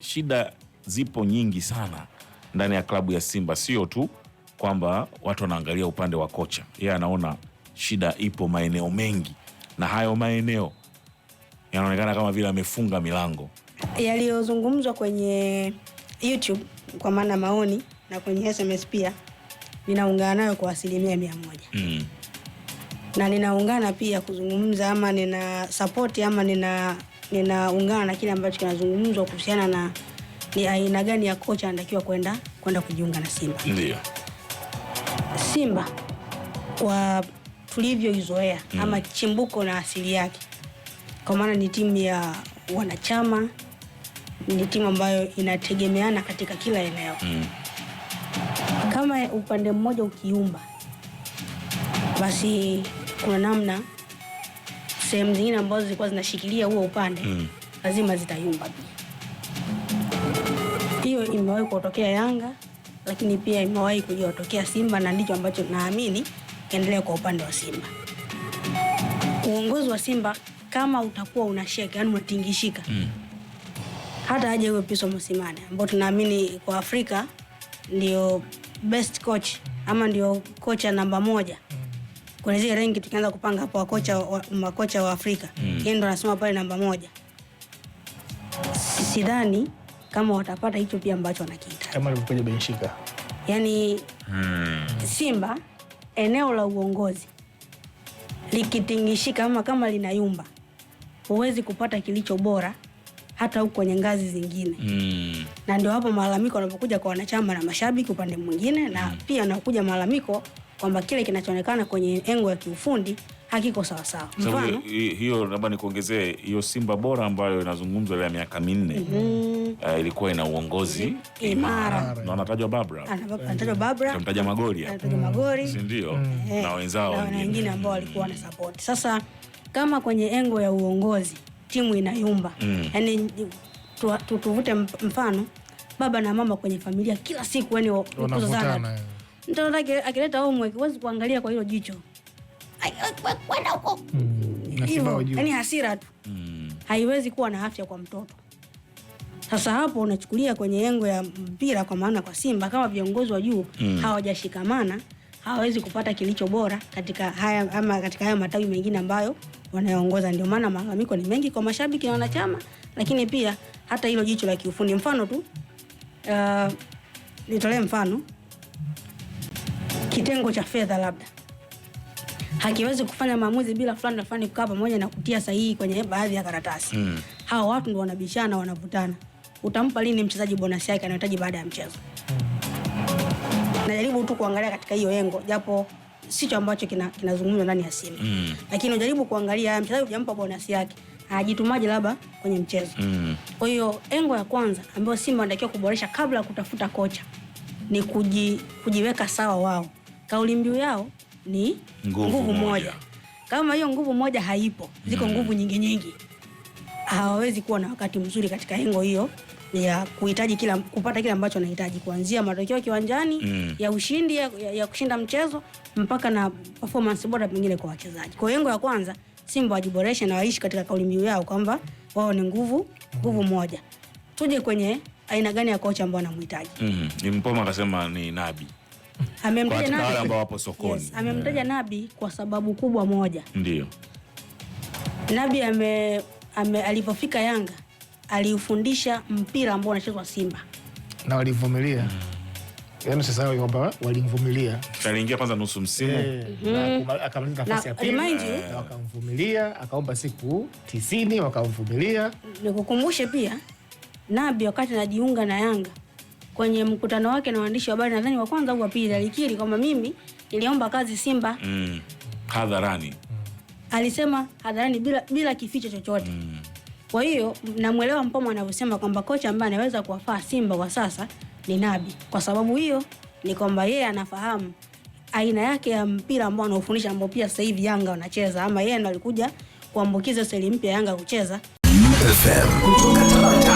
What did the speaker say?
Shida zipo nyingi sana ndani ya klabu ya Simba, sio tu kwamba watu wanaangalia upande wa kocha. Yeye anaona shida ipo maeneo mengi, na hayo maeneo yanaonekana kama vile amefunga milango. Yaliyozungumzwa kwenye YouTube kwa maana maoni na kwenye SMS pia ninaungana nayo kwa asilimia mia moja mm. na ninaungana pia kuzungumza ama nina sapoti ama nina ninaungana na kile ambacho kinazungumzwa kuhusiana na ni aina gani ya kocha anatakiwa kwenda kwenda kujiunga na Simba. Ndio. Simba kwa tulivyoizoea mm. ama chimbuko na asili yake, kwa maana ni timu ya wanachama, ni timu ambayo inategemeana katika kila eneo mm. kama upande mmoja ukiumba, basi kuna namna sehemu zingine ambazo zilikuwa zinashikilia huo upande mm. lazima zitayumba pia. Hiyo imewahi kutokea Yanga, lakini pia imewahi kujitokea Simba, na ndicho ambacho naamini endelea kwa upande wa Simba. Uongozi wa Simba kama utakuwa unasheka, yani unatingishika mm. hata aje huyo Pitso Mosimane ambao tunaamini kwa Afrika ndio best coach ama ndio kocha namba moja kwenye zile rangi tukianza kupanga hapo makocha wa, wa Afrika mm. yeye ndo anasema pale namba moja. Sidhani kama watapata hicho pia ambacho wanakiita kama alivyokuja Benfica. yani mm. Simba eneo la uongozi likitingishika ama kama linayumba, huwezi kupata kilicho bora hata huko kwenye ngazi zingine mm. na ndio hapo malalamiko yanapokuja kwa wanachama na mashabiki upande mwingine na mm. pia nakuja malalamiko kwamba kile kinachoonekana kwenye engo ya kiufundi hakiko sawasawa. Mfano hiyo, labda nikuongezee hiyo Simba bora ambayo inazungumzwa ile ya miaka minne mm -hmm. uh, ilikuwa ina uongozi imara na anatajwa Babra, anatajwa Babra, anamtaja Magori, anatajwa Magori, si ndio? Mm. Eh. na wenzao wengine ambao walikuwa na support. Sasa kama kwenye engo ya uongozi timu inayumba mm. yani tuvute mfano baba na mama kwenye familia kila siku yani ndio akileta homework huwezi kuangalia kwa hilo jicho. Kwenda huko. Yaani hasira tu. Mm. Haiwezi kuwa na afya kwa mtoto. Sasa hapo unachukulia kwenye engo ya mpira kwa maana kwa Simba kama viongozi wa juu mm. hawajashikamana, hawawezi kupata kilicho bora katika haya ama katika haya matawi mengine ambayo wanayoongoza. Ndio maana malalamiko ni mengi kwa mashabiki na wanachama, lakini pia hata hilo jicho la kiufundi. Mfano tu uh, nitolee mfano kitengo cha fedha labda hakiwezi kufanya maamuzi bila fulani na fulani kukaa pamoja na kutia sahihi kwenye baadhi ya karatasi mm. Hawa watu ndio wanabishana, wanavutana. Utampa lini mchezaji bonasi yake anahitaji baada ya mchezo? Najaribu tu kuangalia katika hiyo engo, japo sicho ambacho kinazungumzwa kina ndani ya Simba mm. Lakini unajaribu kuangalia mchezaji hujampa bonasi yake ajitumaje labda kwenye mchezo mm. Kwa hiyo engo ya kwanza ambayo Simba anatakiwa kuboresha kabla ya kutafuta kocha ni kuji, kujiweka sawa wao kauli mbiu yao ni nguvu, nguvu moja. moja. Kama hiyo nguvu moja haipo, ziko mm. nguvu nyingi nyingi, hawawezi kuwa na wakati mzuri katika engo hiyo ya kuhitaji kila kupata kile ambacho anahitaji kuanzia matokeo kiwanjani mm. ya ushindi ya, ya kushinda mchezo mpaka na performance bora pengine kwa wachezaji. Kwa hiyo ya kwanza Simba wajiboreshe na waishi katika kauli mbiu yao kwamba wao ni nguvu nguvu moja. Tuje kwenye aina gani ya kocha ambao anamhitaji. mm. Mm-hmm. Mpoma akasema ni Nabi amemtaja nabi wale ambao wapo sokoni. Yes, amemtaja yeah. kwa sababu kubwa moja. Ndio. Nabi ame, ame alipofika Yanga aliufundisha mpira ambao unachezwa Simba na walivumilia mm. Yaani sasa kwamba walimvumilia. Aliingia kwanza nusu msimu. Eh, mhm. Akamaliza nafasi ya pili. Eh, wakamvumilia, akaomba siku 90 wakamvumilia. Nikukumbushe pia Nabi wakati anajiunga na Yanga kwenye mkutano wake na waandishi wa habari, nadhani wa kwanza au wa pili, alikiri kwamba mimi niliomba kazi Simba mm. hadharani, mm. alisema hadharani bila, bila kificho chochote mm. Kwa hiyo namwelewa Mpomo anavyosema kwamba kocha ambaye anaweza kuwafaa Simba kwa sasa ni Nabi. Kwa sababu hiyo ni kwamba yeye anafahamu aina yake ya mpira ambao anaofundisha ambao pia sasa hivi Yanga wanacheza, ama yeye ndo alikuja kuambukiza seli mpya Yanga kucheza FM.